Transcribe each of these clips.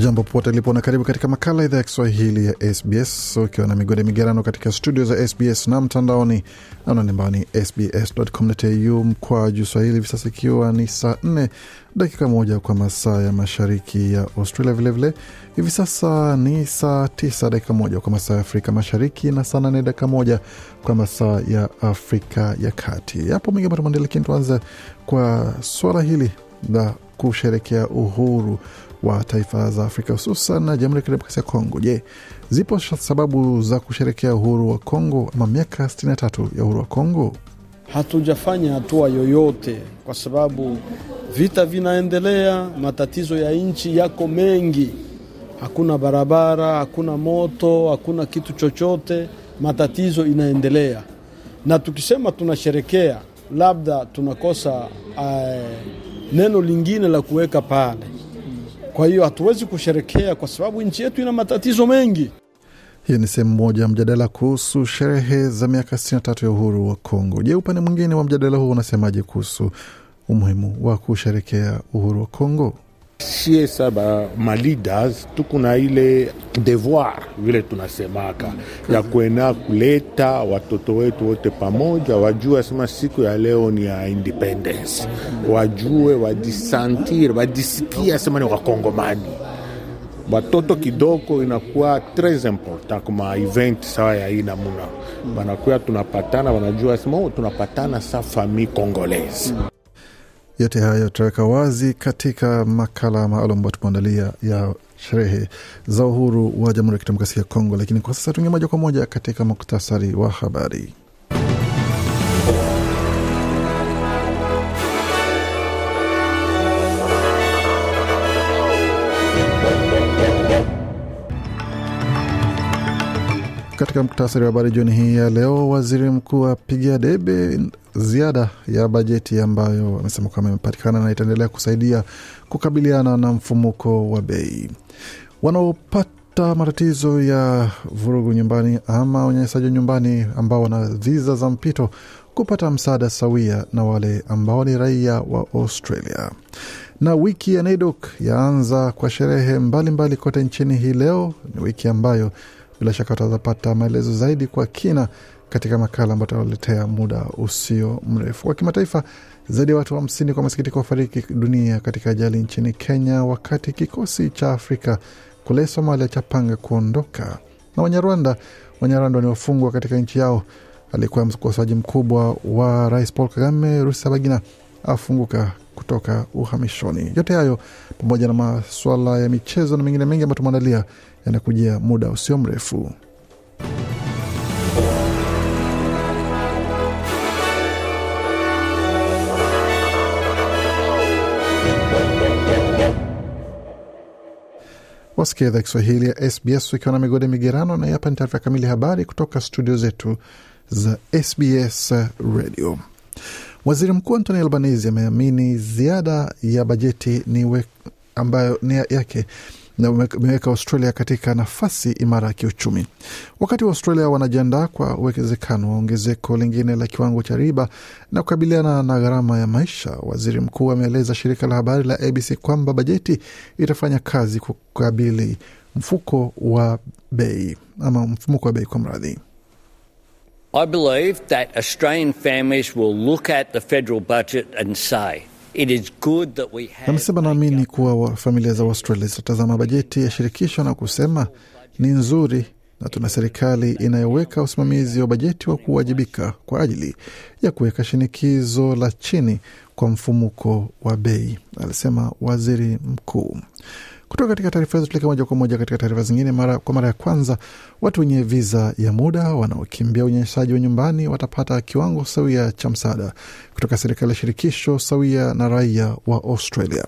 Jambo popote lipo na karibu katika makala idhaa ya Kiswahili ya SBS ukiwa na migode migerano katika studio za SBS na mtandaoni anani ambao ni sbs.com.au mkwa juu swahili hivi sasa, ikiwa ni saa nne dakika moja kwa masaa ya mashariki ya Australia. Vilevile hivi vile sasa ni saa tisa dakika moja kwa masaa ya Afrika Mashariki na saa nane dakika moja kwa masaa ya Afrika ya Kati. Yapo mengi ambayo tumeandalia, lakini tuanze kwa swala hili la kusherekea uhuru wa taifa za Afrika hususan na Jamhuri ya Kidemokrasia ya Kongo. Je, zipo sababu za kusherekea uhuru wa Kongo ama miaka 63 ya uhuru wa Kongo? Hatujafanya hatua yoyote kwa sababu vita vinaendelea, matatizo ya nchi yako mengi, hakuna barabara, hakuna moto, hakuna kitu chochote, matatizo inaendelea, na tukisema tunasherekea labda tunakosa uh, neno lingine la kuweka pale kwa hiyo hatuwezi kusherekea kwa sababu nchi yetu ina matatizo mengi. Hiyo ni sehemu moja ya mjadala kuhusu sherehe za miaka 63 ya uhuru wa Kongo. Je, upande mwingine wa mjadala huo unasemaje kuhusu umuhimu wa kusherekea uhuru wa Kongo? sie saba malidas tuku na ile devoir vile tunasemaka ya kuenda kuleta watoto wetu wote pamoja, wajue asema siku ya leo ni ya independence, wajue wajisantire, wajisikia asema ni Wakongomani watoto kidogo inakuwa tres important kuma event sawa ya hii namuna, wanakuwa tunapatana, wanajua sema oh, tunapatana sa famille congolaise. Yote hayo tutaweka wazi katika makala maalum ambayo tumeandalia ya sherehe za uhuru wa Jamhuri ya Kidemokrasia ya Kongo, lakini kwa sasa tuingia moja kwa moja katika muktasari wa habari. Katika muktasari wa habari jioni hii ya leo, waziri mkuu apiga debe ziada ya bajeti ambayo amesema kwamba imepatikana na itaendelea kusaidia kukabiliana na mfumuko wa bei. Wanaopata matatizo ya vurugu nyumbani ama unyanyasaji wa nyumbani ambao wana viza za mpito kupata msaada sawia na wale ambao ni raia wa Australia. Na wiki ya NAIDOC yaanza kwa sherehe mbalimbali mbali kote nchini hii leo. Ni wiki ambayo bila shaka utazapata maelezo zaidi kwa kina katika makala ambayo tutawaletea muda usio mrefu. Kwa kimataifa, zaidi ya watu hamsini wa kwa masikitiko wafariki dunia katika ajali nchini Kenya, wakati kikosi cha Afrika kule Somalia chapanga kuondoka. Na Wanyarwanda, Wanyarwanda wanaofungwa katika nchi yao, alikuwa mkosoaji mkubwa wa Rais Paul Kagame, Rusesabagina afunguka kutoka uhamishoni. Yote hayo pamoja na masuala ya michezo na mengine mengi ambayo tumeandalia yanakujia muda usio mrefu. Wasikia idhaa Kiswahili ya SBS ukiwa na migode migerano, na hapa ni taarifa kamili habari kutoka studio zetu za SBS Radio. Waziri Mkuu Antoni Albanese ameamini ziada ya bajeti ni we, ambayo ni yake na umeweka Australia katika nafasi imara ya kiuchumi. Wakati wa Australia wanajiandaa kwa uwekezekano wa ongezeko lingine la kiwango cha riba na kukabiliana na gharama ya maisha, waziri mkuu ameeleza shirika la habari la ABC kwamba bajeti itafanya kazi kukabili mfuko wa bei ama mfumuko wa bei kwa mradhi. I believe that Australian families will look at the federal budget and say Amesema naamini kuwa familia za Australia zitatazama bajeti ya shirikisho na kusema ni nzuri, na tuna serikali inayoweka usimamizi wa bajeti wa kuwajibika kwa ajili ya kuweka shinikizo la chini kwa mfumuko wa bei, alisema waziri mkuu kutoka katika taarifa hizo. Tuleke moja kwa moja katika taarifa zingine. Mara kwa mara ya kwanza, watu wenye viza ya muda wanaokimbia unyenyeshaji wa nyumbani watapata kiwango sawia cha msaada kutoka serikali ya shirikisho sawia na raia wa Australia.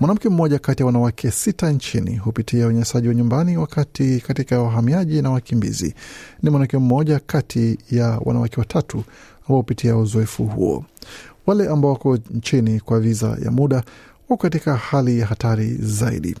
Mwanamke mmoja kati ya wanawake sita nchini hupitia unyenyeshaji wa nyumbani wakati katika wahamiaji na wakimbizi. Ni mwanamke mmoja kati ya wanawake watatu ambao hupitia uzoefu huo. Wale ambao wako nchini kwa viza ya muda wako katika hali ya hatari zaidi.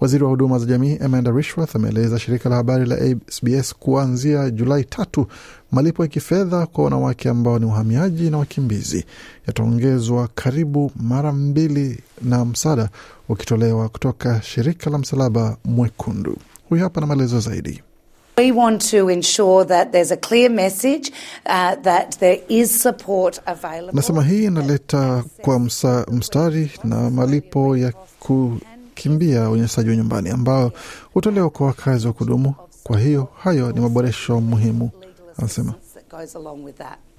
Waziri wa huduma za jamii Amanda Rishworth ameeleza shirika la habari la SBS kuanzia Julai tatu malipo ya kifedha kwa wanawake ambao ni wahamiaji na wakimbizi yataongezwa karibu mara mbili na msaada ukitolewa kutoka shirika la Msalaba Mwekundu. Huyu hapa na maelezo zaidi. We want to ensure that there's a clear message uh, that there is support available. Nasema hii inaleta kwa msa, mstari na malipo ya ku kukimbia unyanyasaji wa nyumbani ambao hutolewa kwa wakazi wa kudumu. Kwa hiyo hayo ni maboresho muhimu, anasema.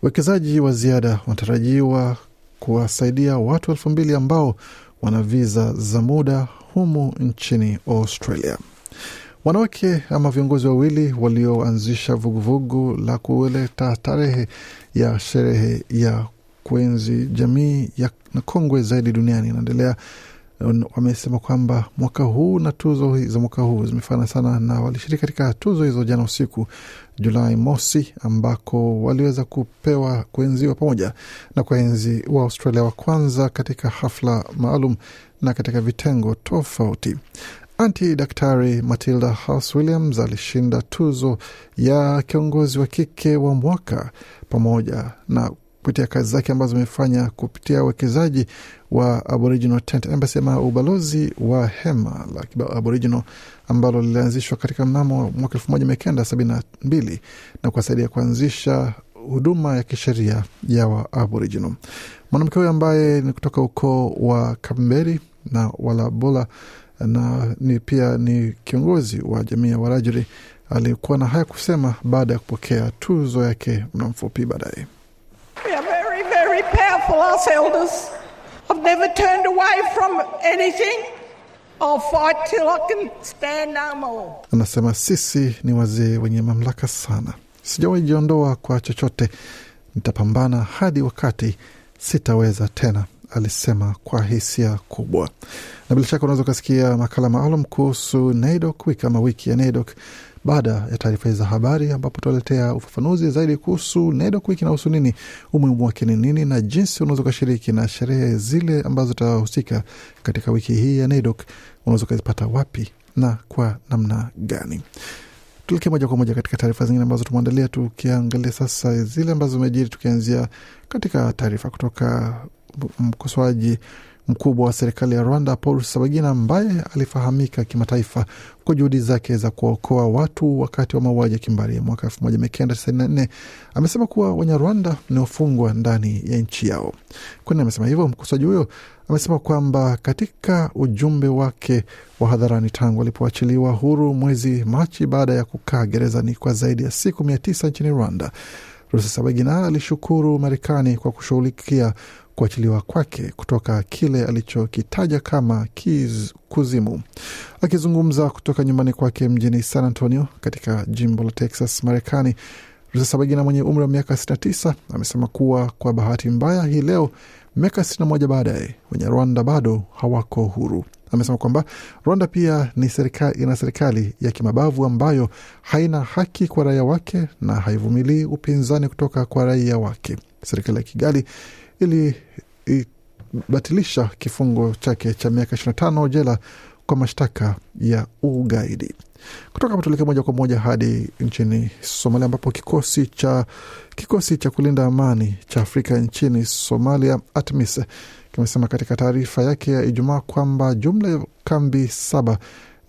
Wekezaji wa ziada wanatarajiwa kuwasaidia watu elfu mbili ambao wana viza za muda humu nchini Australia. Wanawake ama viongozi wawili walioanzisha vuguvugu la kuleta tarehe ya sherehe ya kuenzi jamii ya na kongwe zaidi duniani inaendelea wamesema kwamba mwaka huu na tuzo za mwaka huu zimefana sana, na walishiriki katika tuzo hizo jana usiku Julai mosi, ambako waliweza kupewa kuenziwa pamoja na kuenzi wa Australia wa kwanza katika hafla maalum na katika vitengo tofauti. Anti Daktari Matilda House Williams alishinda tuzo ya kiongozi wa kike wa mwaka pamoja na kupitia kazi zake ambazo amefanya kupitia uwekezaji wa Aboriginal Tent Embassy ama ubalozi wa hema la Aboriginal ambalo lilianzishwa katika mnamo mwaka elfu moja mia kenda sabini na mbili na kuwasaidia kuanzisha huduma ya kisheria ya wa Aboriginal. Mwanamke huyo ambaye ni kutoka ukoo wa Kamberi na Walabola na ni pia ni kiongozi wa jamii ya Warajiri alikuwa na haya kusema baada ya kupokea tuzo yake muda mfupi baadaye faithful us elders. I've never turned away from anything. I'll fight till I can stand no more. Anasema sisi ni wazee wenye mamlaka sana, sijawahi jiondoa kwa chochote, nitapambana hadi wakati sitaweza tena, alisema kwa hisia kubwa. Na bila shaka unaweza ukasikia makala maalum kuhusu NAIDOC, wiki ama wiki ya NAIDOC baada ya taarifa hii za habari, ambapo tutaletea ufafanuzi zaidi kuhusu NEDO kuiki inahusu nini, umuhimu wake ni nini, na jinsi unaweza ukashiriki na sherehe zile ambazo zitahusika katika wiki hii ya NAIDOC. Unaweza ukazipata wapi na kwa namna gani? Tuelekee moja kwa moja katika taarifa zingine ambazo tumeandalia, tukiangalia sasa zile ambazo zimejiri, tukianzia katika taarifa kutoka mkosoaji mkubwa wa serikali ya Rwanda Paul Sabagina, ambaye alifahamika kimataifa kwa juhudi zake za kuwaokoa watu wakati wa mauaji ya kimbari mwaka 1994 amesema kuwa Wanyarwanda wafungwa ndani ya nchi yao. Kwani amesema hivyo, mkosoaji huyo amesema kwamba katika ujumbe wake wa hadharani tangu alipoachiliwa huru mwezi Machi baada ya kukaa gerezani kwa zaidi ya siku mia tisa nchini Rwanda, Rusesabagina alishukuru Marekani kwa kushughulikia kuachiliwa kwake kutoka kile alichokitaja kama kiz, kuzimu. Akizungumza kutoka nyumbani kwake mjini San Antonio katika jimbo la Texas, Marekani, Rusesabagina mwenye umri wa miaka 69 amesema kuwa kwa bahati mbaya hii leo miaka 61 baadaye wenye Rwanda bado hawako huru. Amesema kwamba Rwanda pia ni serikali, ina serikali ya kimabavu ambayo haina haki kwa raia wake na haivumilii upinzani kutoka kwa raia wake. Serikali ya Kigali ili ibatilisha kifungo chake cha miaka 25 jela kwa mashtaka ya ugaidi. Kutoka hapo moja kwa moja hadi nchini Somalia, ambapo kikosi cha kikosi cha kulinda amani cha Afrika nchini Somalia, ATMIS, kimesema katika taarifa yake ya Ijumaa kwamba jumla ya kambi saba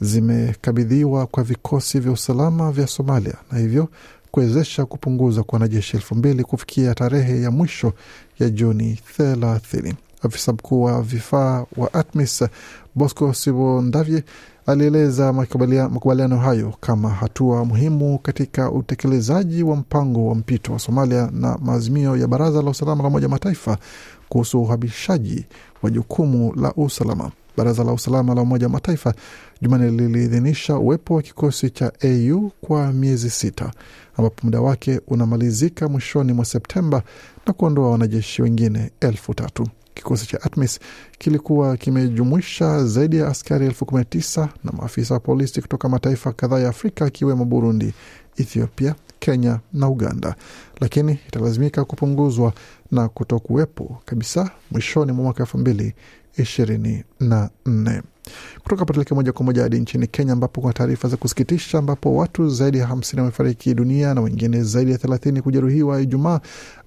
zimekabidhiwa kwa vikosi vya usalama vya Somalia na hivyo kuwezesha kupunguza kwa wanajeshi elfu mbili kufikia tarehe ya mwisho ya Juni thelathini. Afisa mkuu wa vifaa wa ATMIS Bosco sibondavie alieleza makubaliano hayo kama hatua muhimu katika utekelezaji wa mpango wa mpito wa Somalia na maazimio ya Baraza la Usalama la Umoja Mataifa kuhusu uhamishaji wa jukumu la usalama. Baraza la usalama la Umoja wa Mataifa Jumanne liliidhinisha uwepo wa kikosi cha AU kwa miezi sita, ambapo muda wake unamalizika mwishoni mwa Septemba na kuondoa wanajeshi wengine elfu tatu. Kikosi cha ATMIS kilikuwa kimejumuisha zaidi ya askari elfu kumi na tisa na maafisa wa polisi kutoka mataifa kadhaa ya Afrika akiwemo Burundi, Ethiopia, Kenya na Uganda, lakini italazimika kupunguzwa na kutokuwepo kabisa mwishoni mwa mwaka elfu mbili ishirini na nne. Kutoka Patulike moja kwa moja hadi nchini Kenya, ambapo kuna taarifa za kusikitisha, ambapo watu zaidi ya hamsini wamefariki dunia na wengine zaidi ya thelathini kujeruhiwa Ijumaa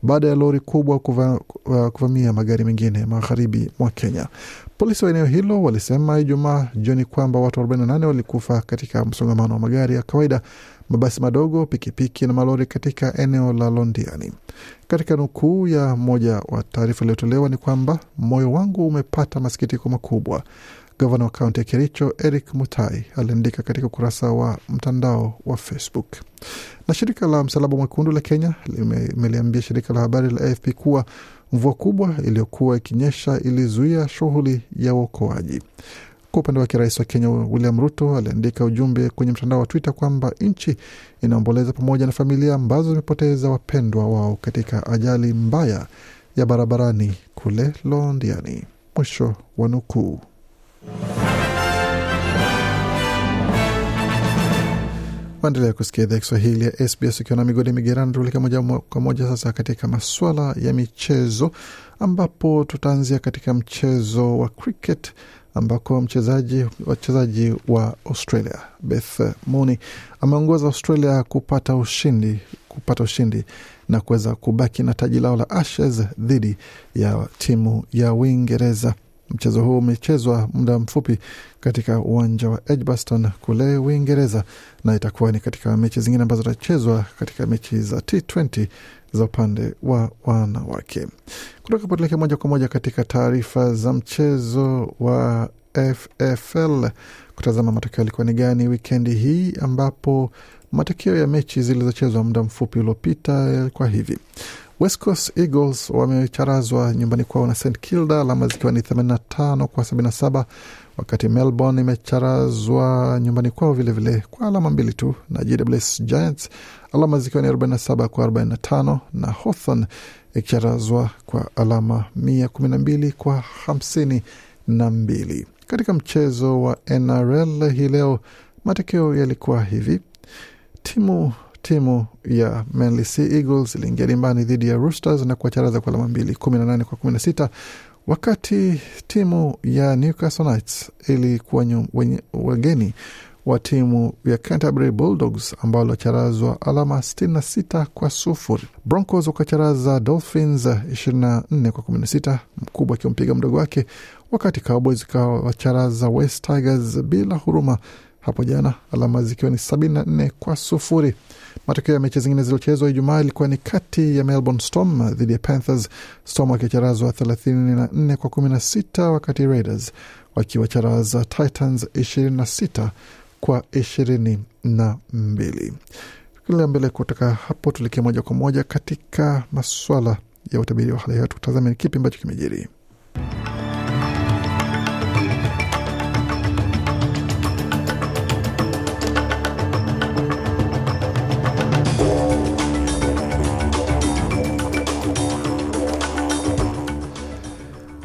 baada ya lori kubwa kuva, uh, kuvamia magari mengine magharibi mwa Kenya. Polisi wa eneo hilo walisema Ijumaa jioni kwamba watu 48 walikufa katika msongamano wa magari ya kawaida mabasi madogo, pikipiki na malori katika eneo la Londiani. Katika nukuu ya moja wa taarifa iliyotolewa ni kwamba moyo wangu umepata masikitiko makubwa, gavana wa kaunti ya Kericho Eric Mutai aliandika katika ukurasa wa mtandao wa Facebook. Na shirika la Msalaba Mwekundu la Kenya limeliambia shirika la habari la AFP kuwa mvua kubwa iliyokuwa ikinyesha ilizuia shughuli ya uokoaji. Kwa upande wake, rais wa Kenya William Ruto aliandika ujumbe kwenye mtandao wa Twitter kwamba nchi inaomboleza pamoja na familia ambazo zimepoteza wapendwa wao katika ajali mbaya ya barabarani kule Londiani. Mwisho wa nukuu. Waendelea kusikia idhaa Kiswahili ya SBS ukiwa na migodi migerani. Tuulika moja kwa moja sasa katika masuala ya michezo, ambapo tutaanzia katika mchezo wa cricket ambako mchezaji wachezaji wa Australia Beth Mooney ameongoza Australia kupata ushindi kupata ushindi na kuweza kubaki na taji lao la Ashes dhidi ya timu ya Uingereza. Mchezo huu umechezwa muda mfupi katika uwanja wa Edgbaston kule Uingereza, na itakuwa ni katika mechi zingine ambazo zitachezwa katika mechi za T20 za upande wa wanawake. Kutoka potuleke moja kwa moja katika taarifa za mchezo wa FFL kutazama matokeo yalikuwa ni gani wikendi hii, ambapo matokeo ya mechi zilizochezwa muda mfupi uliopita yalikuwa hivi. West Coast Eagles wamecharazwa nyumbani kwao na St Kilda, alama zikiwa ni 85 kwa 77 wakati Melbourne imecharazwa nyumbani kwao vilevile vile kwa alama mbili tu na GWS Giants, alama zikiwa ni 47 kwa 45 na Hawthorn ikicharazwa kwa alama 112 kwa 52. Katika mchezo wa NRL hii leo matokeo yalikuwa hivi: timu timu ya Manly Sea Eagles iliingia dimbani dhidi ya Roosters na kuwacharaza kwa alama mbili, 18 kwa 16 wakati timu ya Newcastle Knights ilikuwa wageni wa timu ya Canterbury Bulldogs ambao charazwa alama 66 kwa sufuri. Broncos wakacharaza Dolphins 24 kwa 16, mkubwa akimpiga mdogo wake, wakati Cowboys ikawacharaza West Tigers bila huruma hapo jana, alama zikiwa ni 74 kwa sufuri. Matokeo ya mechi zingine zilizochezwa Ijumaa ilikuwa ni kati ya Melbourne Storm dhidi ya Panthers, Storm wakicharazwa 34 kwa 16, wakati Raiders wakiwacharaza Titans 26 kwa 22. Tukiendelea mbele kutoka hapo, tulekee moja kwa moja katika maswala ya utabiri wa hali ya hewa, ni kipi ambacho kimejiri.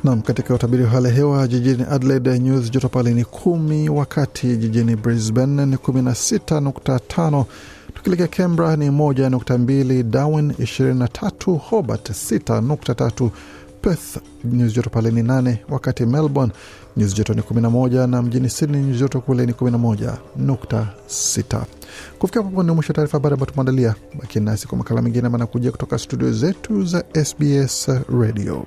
Nam, katika utabiri wa hali ya hewa jijini Adelaide news joto pale ni kumi, wakati jijini Brisbane ni 16.5, tukielekea Canberra ni 1.2, Darwin 23, Hobart 6.3, Perth nyuzi joto pale ni 8, wakati Melbourne nyuzi joto ni 11 na mjini Sydney nyuzi joto kule ni 11.6. Kufikia hapo ni mwisho taarifa habari ambayo tumeandalia. Baki nasi kwa makala mengine manakujia kutoka studio zetu za SBS Radio.